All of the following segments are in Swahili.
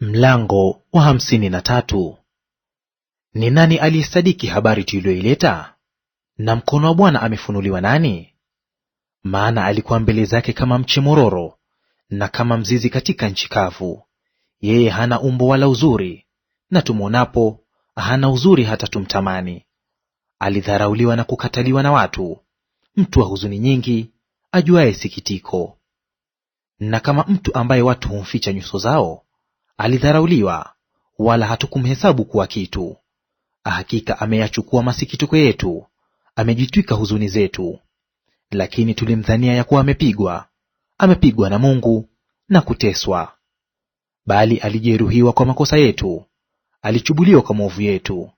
Mlango wa hamsini na tatu. Ni nani aliyesadiki habari tuliyoileta? Na mkono wa Bwana amefunuliwa nani? Maana alikuwa mbele zake kama mche mororo na kama mzizi katika nchi kavu. Yeye hana umbo wala uzuri, na tumwonapo hana uzuri hata tumtamani. Alidharauliwa na kukataliwa na watu, mtu wa huzuni nyingi, ajuaye sikitiko. Na kama mtu ambaye watu humficha nyuso zao alidharauliwa, wala hatukumhesabu kuwa kitu. Hakika ameyachukua masikitiko yetu, amejitwika huzuni zetu. Lakini tulimdhania ya kuwa amepigwa, amepigwa na Mungu na kuteswa. Bali alijeruhiwa kwa makosa yetu, alichubuliwa kwa maovu yetu.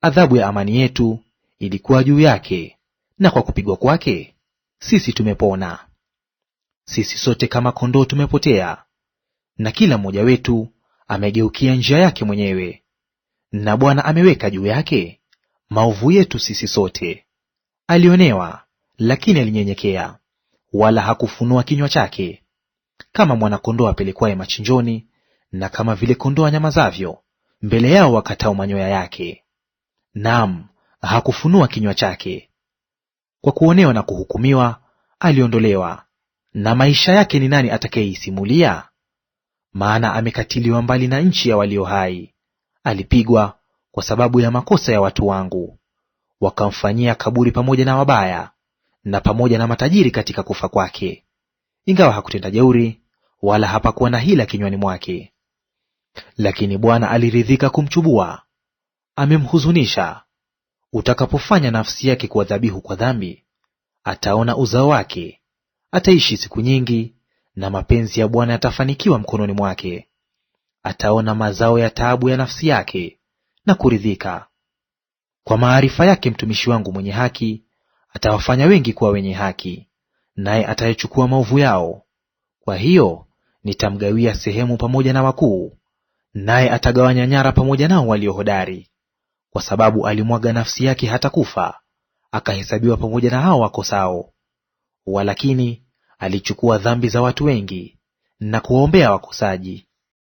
Adhabu ya amani yetu ilikuwa juu yake, na kwa kupigwa kwake sisi tumepona. Sisi sote kama kondoo tumepotea, na kila mmoja wetu amegeukia njia yake mwenyewe, na Bwana ameweka juu yake maovu yetu sisi sote. Alionewa, lakini alinyenyekea, wala hakufunua kinywa chake. Kama mwana-kondoo apelekwaye machinjoni, na kama vile kondoo anyamazavyo mbele yao wakatao manyoya yake, naam, hakufunua kinywa chake. Kwa kuonewa na kuhukumiwa aliondolewa, na maisha yake ni nani atakayeisimulia? maana amekatiliwa mbali na nchi ya walio hai; alipigwa kwa sababu ya makosa ya watu wangu. Wakamfanyia kaburi pamoja na wabaya na pamoja na matajiri katika kufa kwake, ingawa hakutenda jeuri, wala hapakuwa na hila kinywani mwake. Lakini Bwana aliridhika kumchubua, amemhuzunisha. Utakapofanya nafsi yake kuwa dhabihu kwa dhambi, ataona uzao wake, ataishi siku nyingi, na mapenzi ya Bwana yatafanikiwa mkononi mwake. Ataona mazao ya taabu ya nafsi yake na kuridhika. Kwa maarifa yake mtumishi wangu mwenye haki atawafanya wengi kuwa wenye haki, naye atayechukua maovu yao. Kwa hiyo nitamgawia sehemu pamoja na wakuu, naye atagawanya nyara pamoja nao waliohodari, kwa sababu alimwaga nafsi yake hata kufa, akahesabiwa pamoja na hao wakosao. Walakini alichukua dhambi za watu wengi na kuwaombea wakosaji.